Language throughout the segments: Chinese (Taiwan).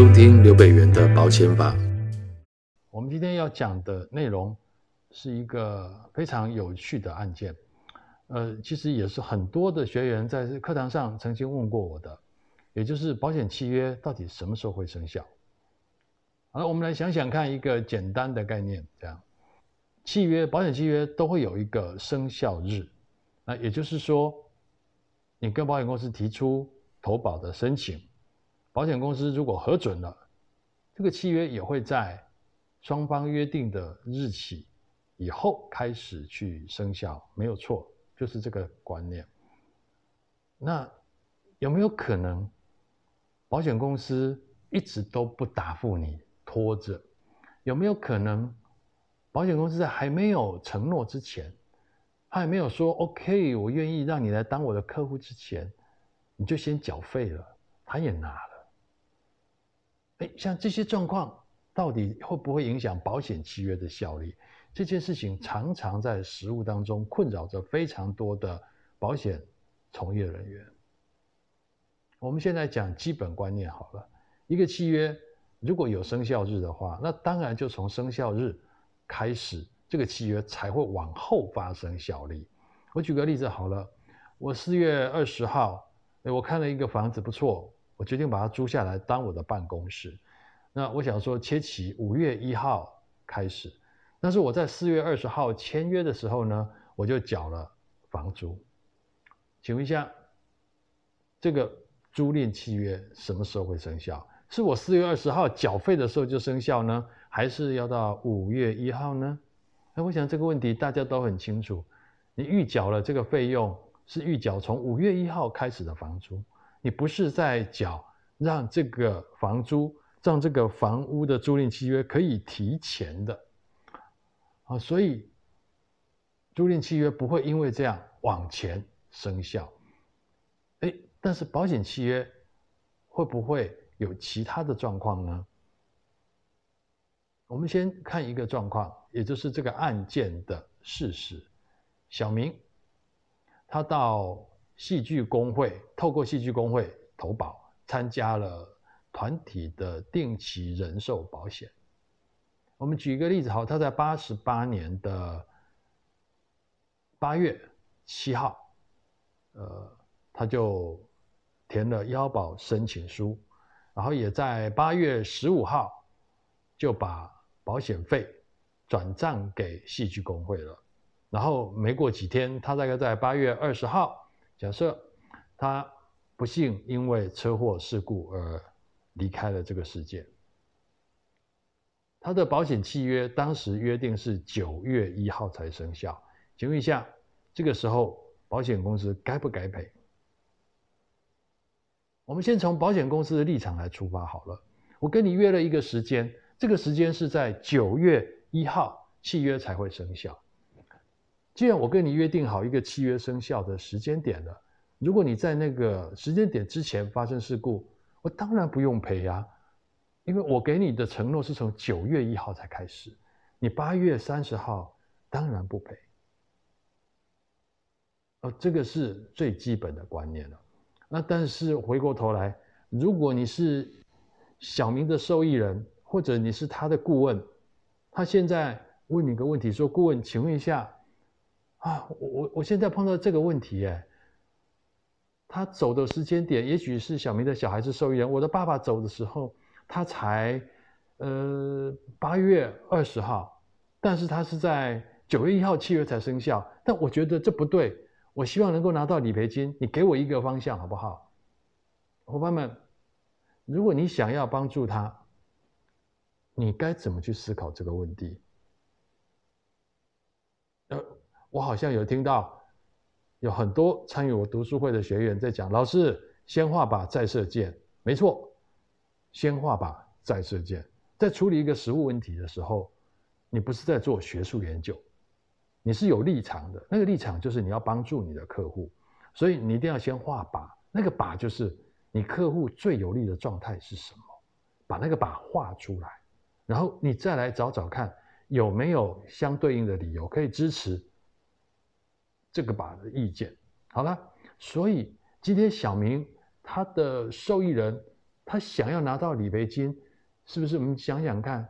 收聽劉北元的保險法。我們今天要講的內容是一個非常有趣的案件。呃，其實也是很多的學員在課堂上曾經問過我的，也就是保險契約到底什麼時候會生效？好了，我們來想想看一個簡單的概念，這樣，契約，保險契約都會有一個生效日。那也就是說，你跟保險公司提出投保的申請。保險公司如果核准了，這個契約也會在雙方約定的日期以後開始去生效，沒有錯，就是這個觀念。那有沒有可能保險公司一直都不答覆你，拖着？有沒有可能保險公司在還沒有承諾之前，他還沒有說 “OK，我願意讓你來當我的客戶”之前，你就先繳費了，他也拿了。哎，像這些狀況，到底會不會影響保險契約的效力？這件事情常常在實務當中困擾着非常多的保險從業人員。我們現在講基本觀念好了，一個契約如果有生效日的話，那當然就從生效日開始，這個契約才會往後發生效力。我舉個例子好了，我四月二十號，哎，我看了一個房子不錯。我決定把它租下來當我的辦公室。那我想說，切齊五月一號開始，但是我在四月二十號簽約的時候呢，我就繳了房租。請問一下，這個租賃契約什麼時候會生效？是我四月二十號繳費的時候就生效呢，還是要到五月一號呢？那我想這個問題大家都很清楚。你預繳了這個費用，是預繳從五月一號開始的房租。你不是在繳讓這個房租，讓這個房屋的租賃契約可以提前的啊，所以租賃契約不會因為這樣往前生效。哎，但是保險契約會不會有其他的狀況呢？我們先看一個狀況，也就是這個案件的事實：小明他到，戲劇工會，透過戲劇工會投保，參加了團體的定期人壽保險。我們舉一個例子，哈，他在八十八年的八月七號，呃，他就填了要保申請書，然後也在八月十五號就把保險費轉賬給戲劇工會了。然後沒過幾天，他大概在八月二十號。假設他不幸因為車禍事故而離開了這個世界，他的保險契約當時約定是九月一號才生效，請問一下，這個時候保險公司該不該賠？我們先從保險公司的立場來出發好了，我跟你約了一個時間，這個時間是在九月一號，契約才會生效。既然我跟你約定好一個契約生效的時間點了，如果你在那個時間點之前發生事故，我當然不用賠啊，因為我給你的承諾是從九月一號才開始，你八月三十號當然不賠。呃、哦，這個是最基本的觀念了。那但是回過頭來，如果你是小明的受益人，或者你是他的顧問，他現在問你個問題，說：“顧問，請問一下。”啊，我我我現在碰到這個問題耶。他走的時間點，也許是小明的小孩是受益人。我的爸爸走的時候，他才呃八月二十號，但是他是在九月一號七月才生效。但我覺得這不對，我希望能夠拿到理賠金。你給我一個方向好不好？夥伴們，如果你想要幫助他，你該怎麼去思考這個問題？我好像有聽到，有很多參與我讀書會的學員在講：“老師，先畫靶再射箭。”沒錯，先畫靶再射箭。在處理一個實務問題的時候，你不是在做學術研究，你是有立場的。那個立場就是你要幫助你的客戶，所以你一定要先畫靶。那個靶就是你客戶最有利的狀態是什麼？把那個靶畫出來，然後你再來找找看有沒有相對應的理由可以支持。這個把的意見，好了，所以今天小明他的受益人，他想要拿到理賠金，是不是？我們想想看，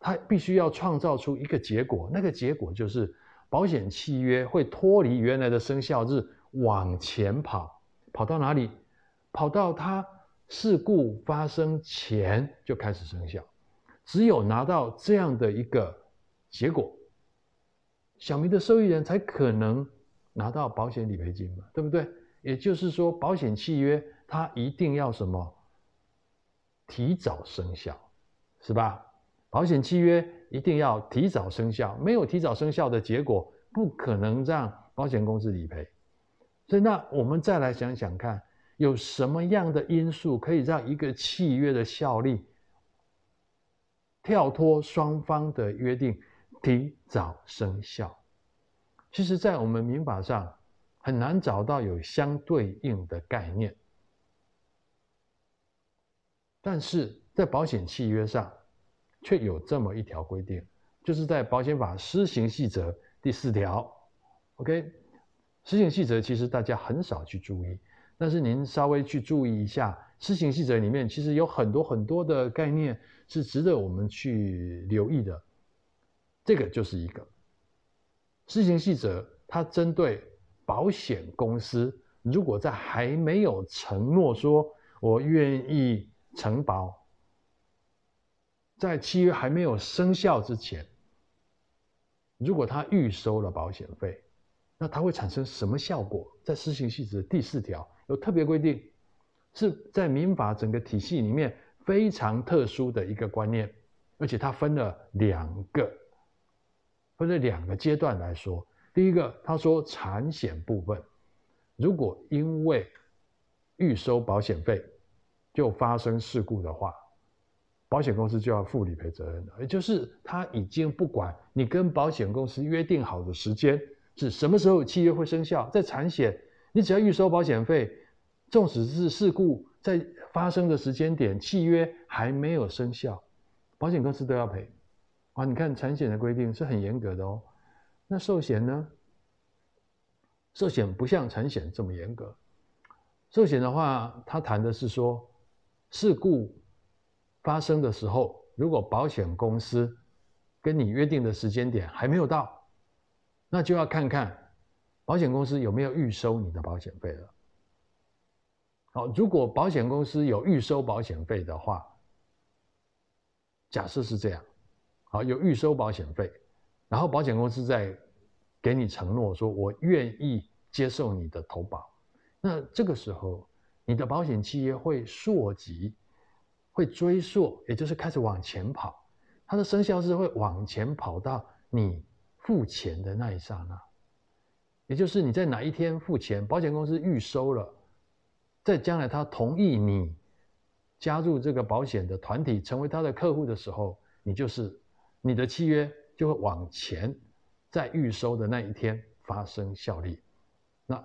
他必須要創造出一個結果，那個結果就是保險契約會脫離原來的生效日往前跑，跑到哪裡？跑到他事故發生前就開始生效，只有拿到這樣的一個結果。小明的受益人才可能拿到保險理賠金嘛，對不對？也就是說，保險契約它一定要什麼？提早生效，是吧？保險契約一定要提早生效，沒有提早生效的結果，不可能讓保險公司理賠。所以，那我們再來想想看，有什麼樣的因素可以讓一個契約的效力跳脫雙方的約定？提早生效，其實，在我們民法上很難找到有相對應的概念，但是在保險契約上卻有這麼一條規定，就是在保險法施行細則第四條。OK，施行細則其實大家很少去注意，但是您稍微去注意一下，施行細則裡面其實有很多很多的概念是值得我們去留意的。這個就是一個施行細則，它針對保險公司，如果在還沒有承諾說我願意承保，在契約還沒有生效之前，如果他預收了保險費，那它會產生什麼效果？在施行細則第四條有特別規定，是在民法整個體系裡面非常特殊的一個觀念，而且它分了兩個。分這兩個階段來說，第一個，他說，產險部分，如果因為預收保險費就發生事故的話，保險公司就要負理賠責任了。也就是，他已經不管你跟保險公司約定好的時間是什麼時候，契約會生效，在產險，你只要預收保險費，縱使是事故在發生的時間點，契約還沒有生效，保險公司都要賠。啊，你看產險的規定是很嚴格的哦。那壽險呢？壽險不像產險這麼嚴格。壽險的話，它談的是說，事故發生的時候，如果保險公司跟你約定的時間點還沒有到，那就要看看保險公司有沒有預收你的保險費了。好，哦，如果保險公司有預收保險費的話，假設是這樣。好，有預收保險費，然後保險公司再給你承諾說：“我願意接受你的投保。”那這個時候，你的保險契約會溯及，會追溯，也就是開始往前跑。它的生效是會往前跑到你付錢的那一剎那，也就是你在哪一天付錢，保險公司預收了，在將來他同意你加入這個保險的團體，成為他的客戶的時候，你就是。你的契約就會往前，在預收的那一天發生效力。那，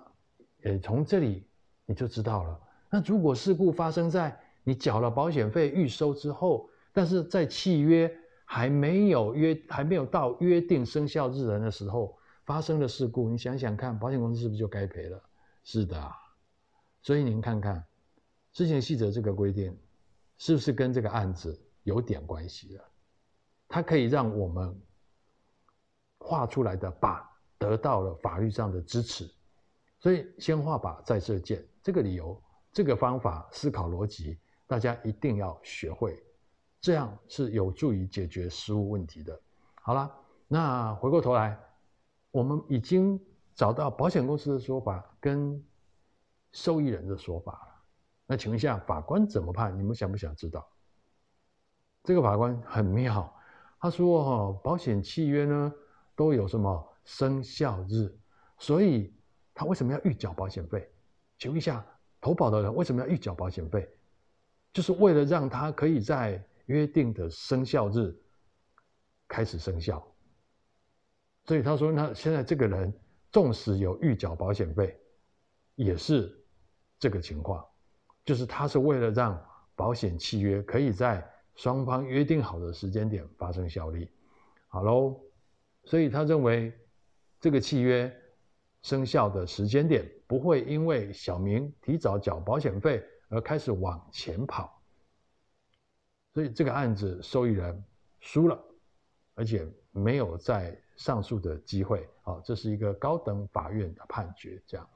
呃，從這裡你就知道了。那如果事故發生在你繳了保險費預收之後，但是在契約還沒有約還沒有到約定生效日人的時候發生的事故，你想想看，保險公司是不是就該賠了？是的。所以您看看，施行細則這個規定，是不是跟這個案子有點關係了？它可以讓我們畫出來的靶得到了法律上的支持，所以先畫靶再射箭，這個理由、這個方法、思考邏輯，大家一定要學會，這樣是有助於解決實務問題的。好了，那回過頭來，我們已經找到保險公司的說法跟受益人的說法了，那請問一下，法官怎麼判？你們想不想知道？這個法官很妙。他說：“哈，保險契約呢都有什麼生效日？所以他為什麼要預繳保險費？請問一下投保的人為什麼要預繳保險費？就是為了讓他可以在約定的生效日開始生效。所以他說，那現在這個人縱使有預繳保險費，也是這個情況，就是他是為了讓保險契約可以在。”雙方約定好的時間點發生效力，好嘍。所以他認為這個契約生效的時間點不會因為小明提早繳保險費而開始往前跑。所以這個案子受益人輸了，而且沒有再上訴的機會。好，這是一個高等法院的判決。這樣，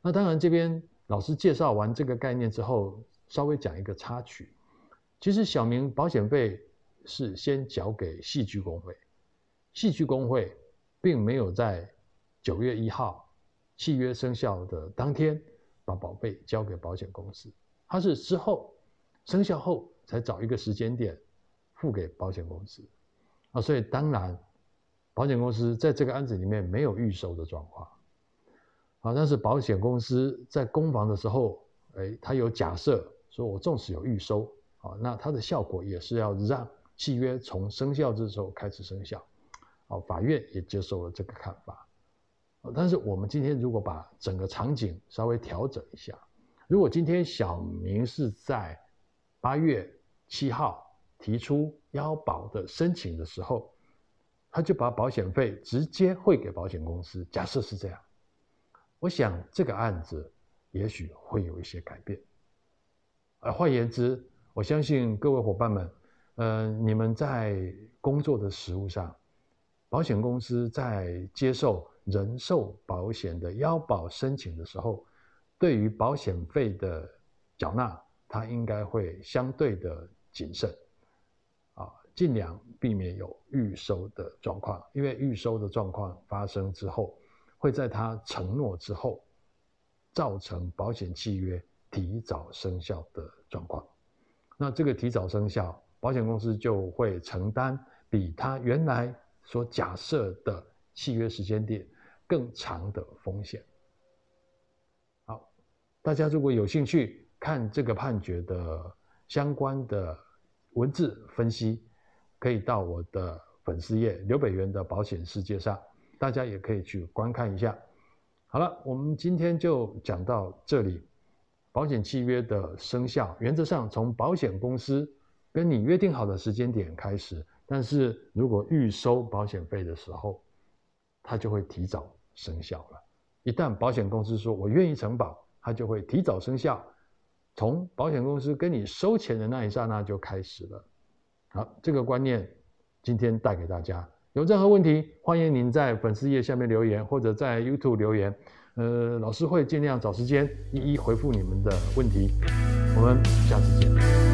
那當然這邊老師介紹完這個概念之後，稍微講一個插曲。其實小明保險費是先交給戲劇工會，戲劇工會並沒有在九月一號契約生效的當天把保費交給保險公司，他是之後生效後才找一個時間點付給保險公司，啊，所以當然保險公司在這個案子裡面沒有預收的狀況，但是保險公司在攻防的時候，哎，他有假設說，我縱使有預收。那它的效果也是要讓契約從生效之時候開始生效，哦，法院也接受了這個看法。但是我們今天如果把整個場景稍微調整一下，如果今天小明是在八月七號提出要保的申請的時候，他就把保險費直接匯給保險公司，假設是這樣，我想這個案子也許會有一些改變。而換言之。我相信各位夥伴們，呃，你們在工作的實務上，保險公司在接受人壽保險的要保申請的時候，對於保險費的繳納，它應該會相對的謹慎，啊，盡量避免有預收的狀況，因為預收的狀況發生之後，會在它承諾之後，造成保險契約提早生效的狀況。那這個提早生效，保險公司就會承擔比他原來所假設的契約時間點更長的風險。好，大家如果有興趣看這個判決的相關的文字分析，可以到我的粉絲頁“劉北元的保險世界”上，大家也可以去觀看一下。好了，我們今天就講到這裡。保險契約的生效，原則上從保險公司跟你約定好的時間點開始，但是如果預收保險費的時候，它就會提早生效了。一旦保險公司說我願意承保，它就會提早生效，從保險公司跟你收錢的那一剎那就開始了。好，這個觀念今天帶給大家，有任何問題，歡迎您在粉絲頁下面留言，或者在 YouTube 留言。呃，老師會盡量找時間一一回復你們的問題。我們下次見。